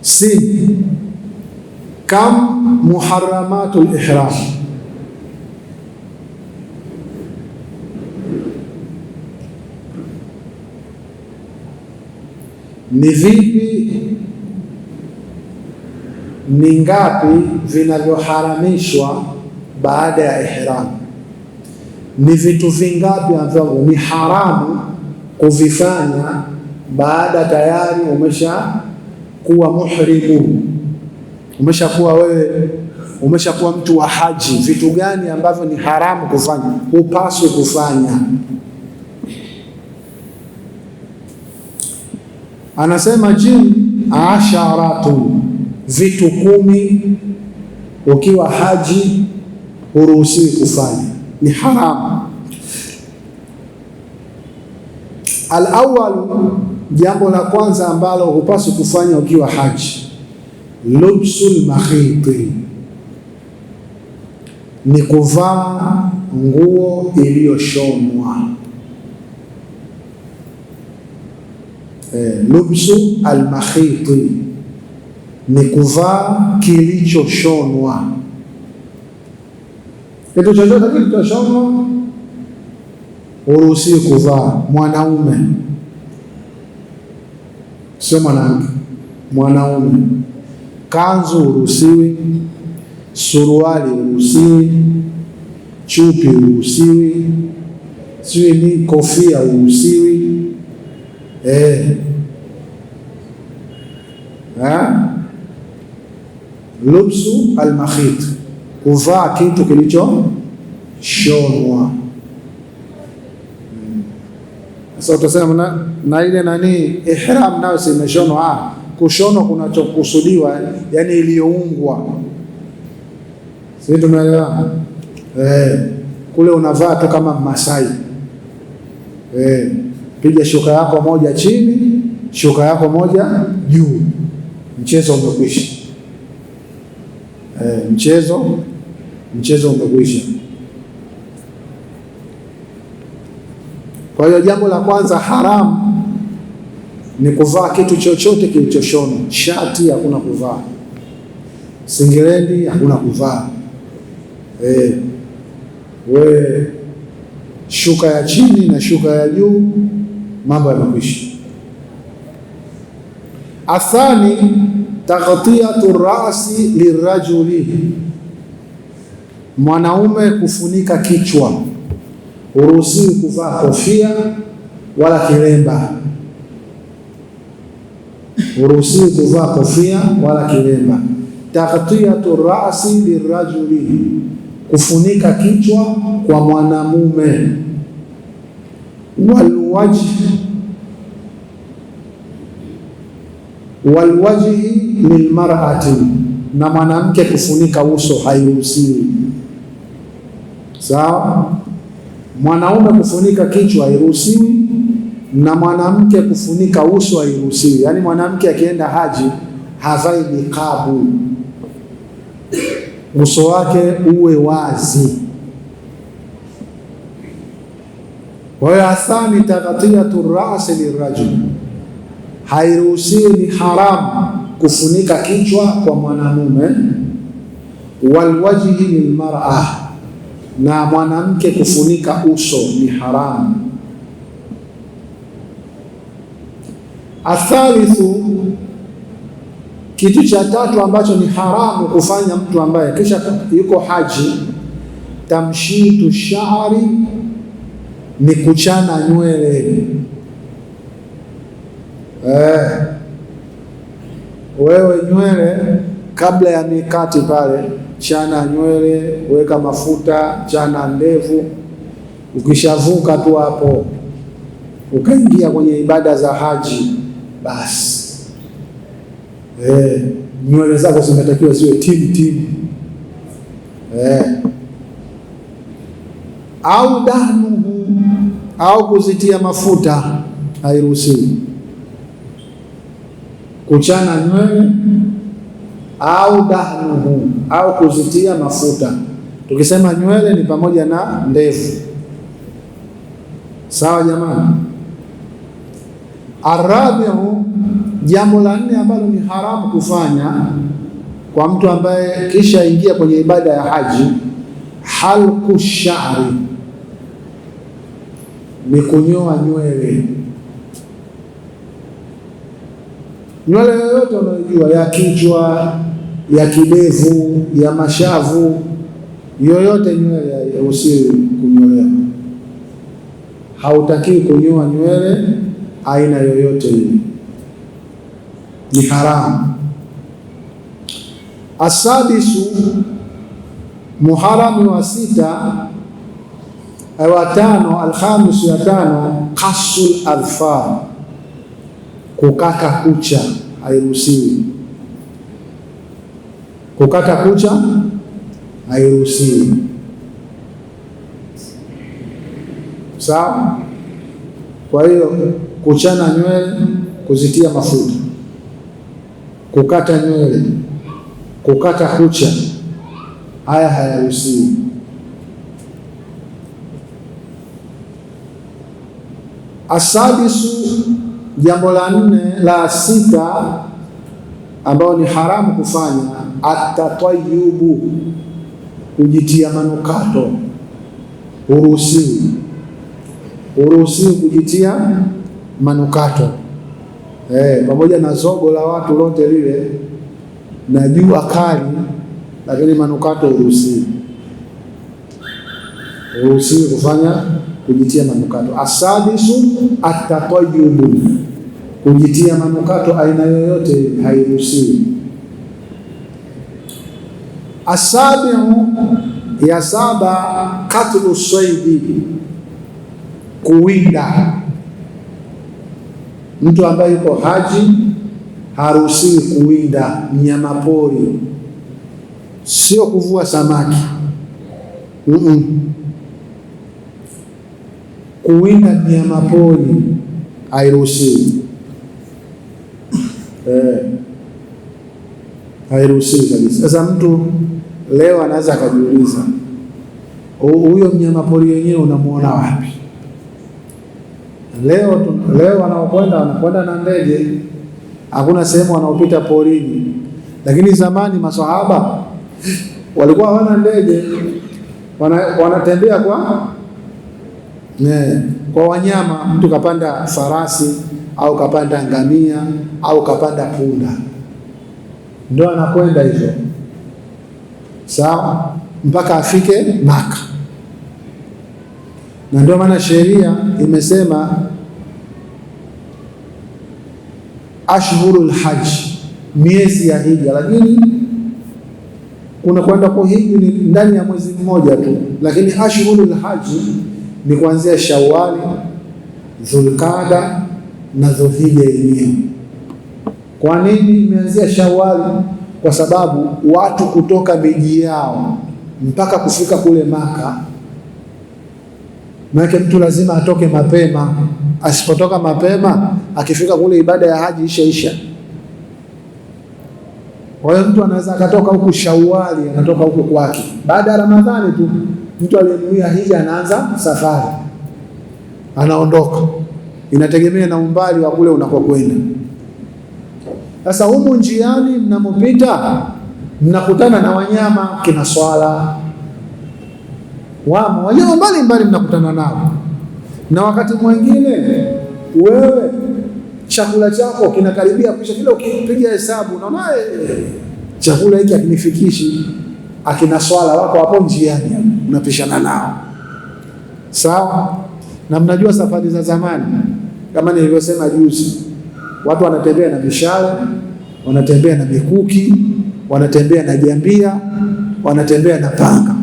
si kam muharramatu lihram ni vipi, ni ngapi vinavyoharamishwa baada ya ihram? Ni vitu vingapi ambavyo ni haramu kuvifanya baada tayari umesha kuwa muhrimu. Umeshakuwa wewe umeshakuwa mtu wa haji, vitu gani ambavyo ni haramu kufanya, hupaswi kufanya? Anasema jin asharatu, vitu kumi ukiwa haji huruhusiwi kufanya, ni haramu. alawal Jambo la kwanza ambalo hupaswi kufanya ukiwa haji, lubsul mahiti, ni kuvaa nguo iliyoshonwa eh, lubsu almahiti ni kuvaa kilichoshonwa. Kitu chochote kilichoshonwa huruhusiwi kuvaa mwanaume sio mwanamke, mwanaume. Kanzu uruhusiwi, suruali uruhusiwi, chupi uruhusiwi, sijui ni kofia uruhusiwi eh. Lubsu almakhit, kuvaa kitu kilichoshonwa sasa utasema na, na ile nani ihram nayo si imeshonwa? Ah, kushonwa kunachokusudiwa yani iliyoungwa, si tunaelewa eh? Kule unavaa tu kama Masai eh, piga shuka yako moja chini, shuka yako moja juu, mchezo umekwisha eh, mchezo mchezo umekwisha. Kwa hiyo jambo la kwanza haramu ni kuvaa kitu chochote kilichoshona. Shati hakuna kuvaa, singirendi hakuna kuvaa, eh, we shuka ya chini na shuka ya juu, mambo yamekwisha. Athani taghtiyatu rasi lirajuli, mwanaume kufunika kichwa huruhusiwi kuvaa kofia wala kilemba, huruhusiwi kuvaa kofia wala kilemba. Taktiyatu rasi lirajuli, kufunika kichwa kwa mwanamume. Walwajhi walwajhi lilmar'ati, na mwanamke kufunika uso hairuhusiwi. Sawa mwanaume kufunika kichwa hairuhusiwi na mwanamke kufunika uso hairuhusiwi. Yaani mwanamke akienda haji havai niqabu, uso wake uwe wazi. Kwa hiyo athani taghtiyatu rasi lirajul, hairuhusiwi, ni haramu kufunika kichwa kwa mwanamume. Walwajhi lilmar'a na mwanamke kufunika uso ni haramu. Athalithu, kitu cha tatu ambacho ni haramu kufanya mtu ambaye kisha yuko haji, tamshitu shari, ni kuchana nywele eh. Wewe nywele kabla ya mikati pale chana nywele, weka mafuta, chana ndevu. Ukishavuka tu hapo ukaingia kwenye ibada za haji, basi eh, nywele zako zinatakiwa ziwe tim tim eh, au dahnuhu au kuzitia mafuta hairuhusiwi. Kuchana nywele au dahnuhu au kuzitia mafuta. Tukisema nywele ni pamoja na ndevu, sawa jamani. Arabiu, jambo la nne ambalo ni haramu kufanya kwa mtu ambaye kisha ingia kwenye ibada ya haji, halku shari ni kunyoa nywele. Nywele yoyote unayojua ya kichwa ya kidevu, ya mashavu, yoyote nywele usii kunyolea. hautakii kunyoa nywele aina yoyote ile, ni haramu. Asadisu, muharamu wa sita eh, wa tano, alhamisu ya tano, kasul adfar, kukata kucha, hairuhusiwi. Kukata kucha hairuhusiwi, sawa? Kwa hiyo kuchana nywele, kuzitia mafuta, kukata nywele, kukata kucha, haya hayaruhusiwi. Asabisu, jambo la nne la sita, ambayo ni haramu kufanya atatayubu, kujitia manukato, huruhusiwi huruhusiwi kujitia manukato eh, pamoja na zogo la watu lote lile na jua kali, lakini manukato huruhusiwi, huruhusiwi kufanya kujitia manukato. Asadisu atatayubu, kujitia manukato aina yoyote hairuhusiwi. Asabiu ya saba, katlu saidi, kuwinda. Mtu ambaye yuko haji haruhusiwi kuwinda mnyama pori, sio kuvua samaki mm -mm. Kuwinda mnyama pori hairuhusiwi eh, hairuhusiwi kabisa. Sasa mtu Leo anaweza akajiuliza huyo mnyama pori wenyewe unamuona wapi? Leo leo wanaokwenda wanakwenda na ndege, hakuna sehemu wanaopita porini, lakini zamani maswahaba walikuwa hawana ndege, wanatembea wana kwa ne, kwa wanyama. Mtu kapanda farasi au kapanda ngamia au kapanda punda, ndio anakwenda hivyo sawa, mpaka afike Maka, na ndio maana sheria imesema ashhurul haji, miezi ya hija, lakini kuna kwenda kuhiji ni ndani ya mwezi mmoja tu, lakini ashhurul haji ni kuanzia Shawali, Dhulqada na Dhulhija yenyewe. Kwa nini imeanzia Shawali? kwa sababu watu kutoka miji yao mpaka kufika kule Maka, maanake mtu lazima atoke mapema. Asipotoka mapema, akifika kule ibada ya haji ishaisha. Kwa hiyo mtu anaweza akatoka huku Shawali, anatoka huku kwake, baada ya Ramadhani tu mtu aliyenuia hija anaanza safari, anaondoka. Inategemea na umbali wa kule unakokwenda. Sasa humu njiani mnamopita mnakutana na wanyama kina swala, wamo wanyama mbalimbali mnakutana nao, na wakati mwingine wewe chakula chako kinakaribia kuisha, kila ukipiga hesabu unaona eh, chakula hiki hakinifikishi. Akina swala wako hapo njiani, unapishana nao sawa. Na mnajua safari za zamani, kama nilivyosema juzi Watu wanatembea na mishale, wanatembea na mikuki, wanatembea na jambia, wanatembea na panga,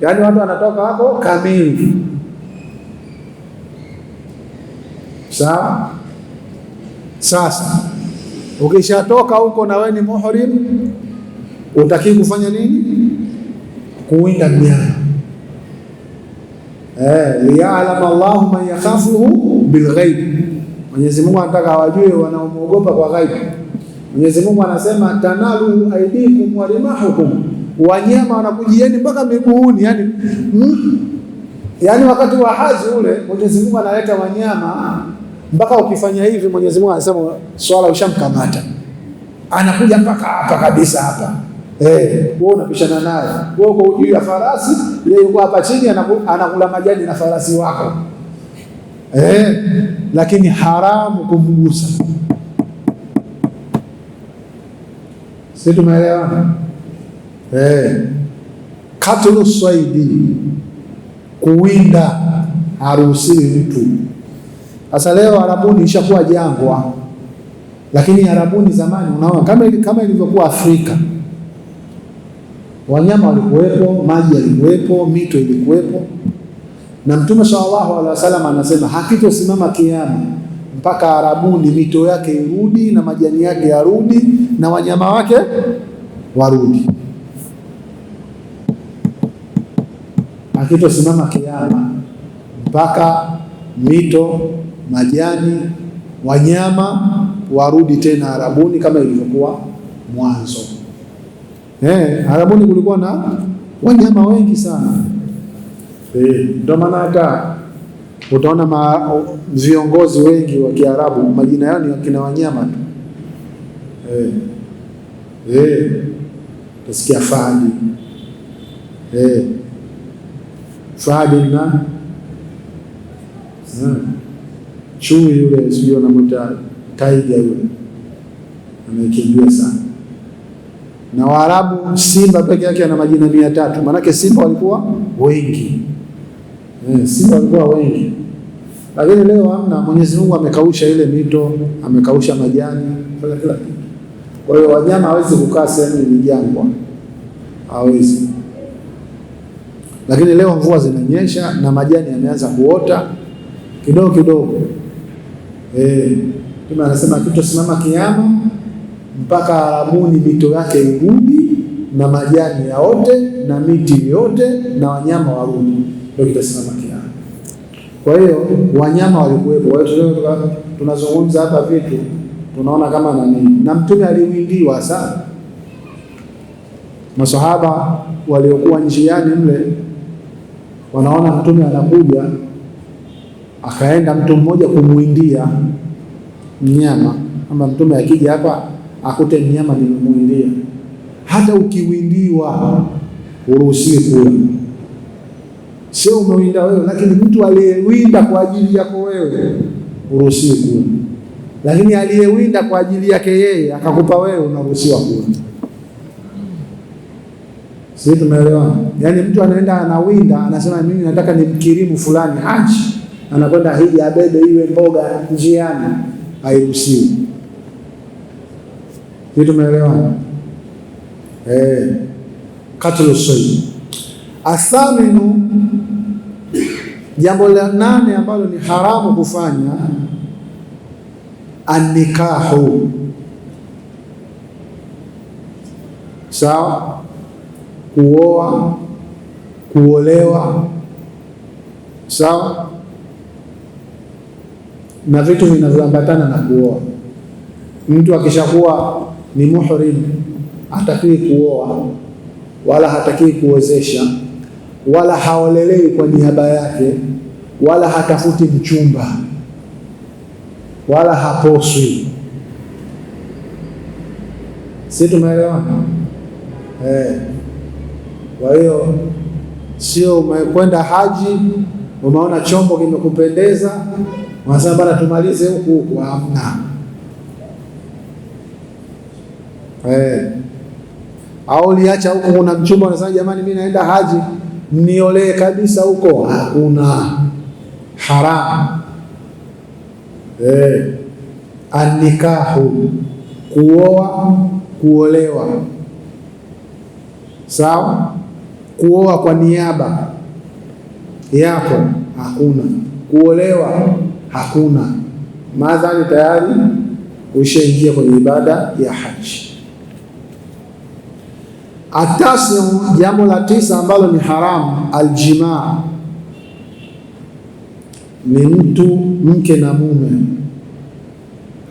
yaani watu wanatoka hapo kamili. Sawa. Sasa ukishatoka huko na wewe ni muhrim, utakii kufanya nini? Kuwinda mnyama eh, liya'lam Allahu man yakhafuhu bilghaibi Mwenyezi Mungu anataka awajue wanaomwogopa kwa ghaibu. Mwenyezi Mungu anasema tanalu aidikum wa rimahukum, wanyama wanakujieni mpaka miguuni. Yani, mm, yani wakati wa hazi ule Mwenyezi Mungu analeta wanyama mpaka ukifanya hivi, Mwenyezi Mungu anasema swala ushamkamata, anakuja mpaka hapa kabisa hapa Eh, wewe unapishana naye, wewe uko juu ya farasi, yeye yuko hapa chini, anakula majani na farasi wako eh, lakini haramu kumgusa. Si tumeelewa? Eh, katulu swaidi, kuwinda haruhusiwi mtu. Sasa leo Arabuni ishakuwa jangwa, lakini Arabuni zamani, unaona kama kama ilivyokuwa Afrika, wanyama walikuwepo, maji yalikuwepo, mito ilikuwepo na Mtume sallallahu alaihi wasallam anasema hakitosimama kiama mpaka Arabuni mito yake irudi na majani yake yarudi na wanyama wake warudi. Hakitosimama kiama mpaka mito, majani, wanyama warudi tena Arabuni kama ilivyokuwa mwanzo. Eh, Arabuni kulikuwa na wanyama wengi sana. Eh, ndio maana hata utaona ma, viongozi wengi wa Kiarabu majina yao ni wakina wanyama tu eh, eh, utasikia Fadi eh, Fadi na hmm, eh, chui yule sijui wanamwita taiga yule amekimbia sana na Waarabu simba peke yake ana majina mia tatu, maanake simba walikuwa wengi. Eh, Simba walikuwa wengi, lakini leo hamna. Mwenyezi Mungu amekausha ile mito, amekausha majani, kila kila kitu. Kwa hiyo wanyama hawezi kukaa sehemu ni jangwa, hawezi. Lakini leo mvua zinanyesha na majani yameanza kuota kidogo kidogo. Eh, Mtume anasema kitosimama kiama mpaka alamuni mito yake irudi na majani yaote na miti yote na wanyama warudi ndio kitasimama kiafya. Kwa hiyo wanyama walikuwepo. Kwa hiyo tunazungumza hapa vitu tunaona kama nani, na mtume aliwindiwa sana masahaba waliokuwa njiani mle, wanaona mtume anakuja, akaenda mtu mmoja kumwindia mnyama, kama mtume akija hapa akute mnyama nimemwindia. Hata ukiwindiwa huruhusiwi kula sio umewinda wewe, lakini mtu aliyewinda kwa ajili yako wewe uruhusiwi kula, lakini aliyewinda kwa ajili yake yeye akakupa wewe unaruhusiwa kula. Sisi tumeelewa Yaani mtu anaenda anawinda, anasema mimi nataka nimkirimu fulani haji, anakwenda hiji abebe iwe mboga njiani, hairuhusiwi. Sisi tumeelewa. Eh, katlu Athaminu, jambo la nane ambalo ni haramu kufanya, anikahu Sawa, kuoa, kuolewa, sawa na vitu vinavyoambatana na kuoa. Mtu akishakuwa ni muhrim hatakiwi kuoa wala hatakiwi kuozesha wala haolelewi kwa niaba yake, wala hatafuti mchumba, wala haposwi. Si tumeelewana eh? Kwa hiyo sio umekwenda haji, umeona chombo kimekupendeza, unasema bana, tumalize huku huku, hamna eh. Au liacha huku kuna mchumba, unasema jamani, mimi naenda haji niolee kabisa huko, hakuna haramu. Eh, anikahu, kuoa kuolewa, sawa. Kuoa kwa niaba yako hakuna, kuolewa hakuna, madhali tayari ushaingia kwenye ibada ya haji. Atasiu, jambo la tisa ambalo ni haramu, aljimaa ni mtu mke na mume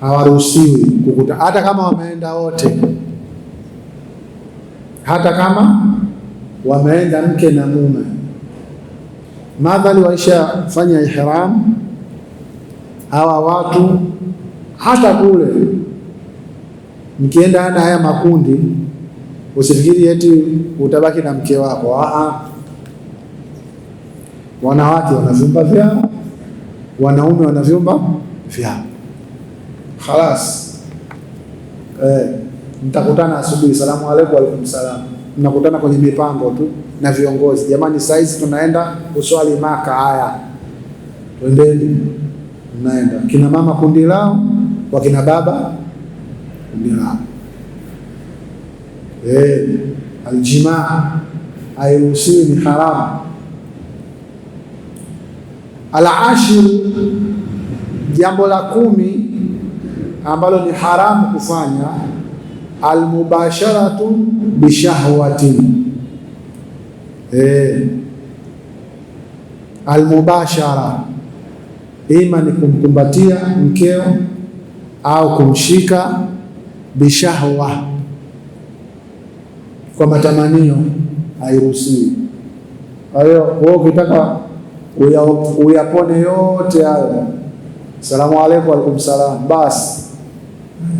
hawaruhusiwi kukuta, hata kama wameenda wote, hata kama wameenda mke na mume, madhali waishafanya ihram hawa watu, hata kule mkienda ana haya makundi Usifikiri eti utabaki na mke wako. Aha, wanawake wana vyumba vyao, wanaume wana vyumba vyao. Khalas, eh, mtakutana asubuhi, salamu aleikum, waalaikum salam. Mnakutana kwenye mipango tu na viongozi. Jamani, saizi tunaenda kuswali Maka, haya twendeni, mnaenda. Kina mama kundi lao, wakina baba kundi lao eh, aljimaa hairuhusiwi, ni haramu. Alashiru, jambo la kumi ambalo ni haramu kufanya, almubasharatu bishahwati eh, almubashara ima ni kumkumbatia mkeo au kumshika bishahwa kwa matamanio hairuhusiwi. Kwa hiyo wewe ukitaka uyapone yote hayo, salamu aleikum, alaikum salam, basi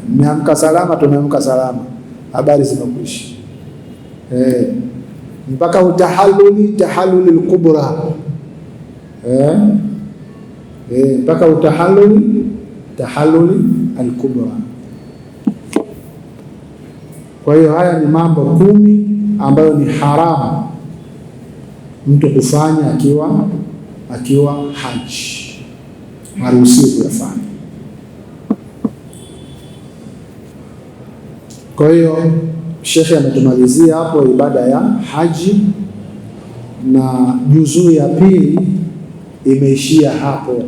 mmeamka salama, tumeamka salama, habari zimekwisha. Eh, mpaka utahaluli tahaluli lkubra eh, eh, mpaka utahaluli tahaluli alkubra kwa hiyo haya ni mambo kumi ambayo ni haramu mtu kufanya akiwa akiwa haji, haruhusiwi kuyafanya. Kwa hiyo shekhe ametumalizia hapo ibada ya haji, na juzuu ya pili imeishia hapo.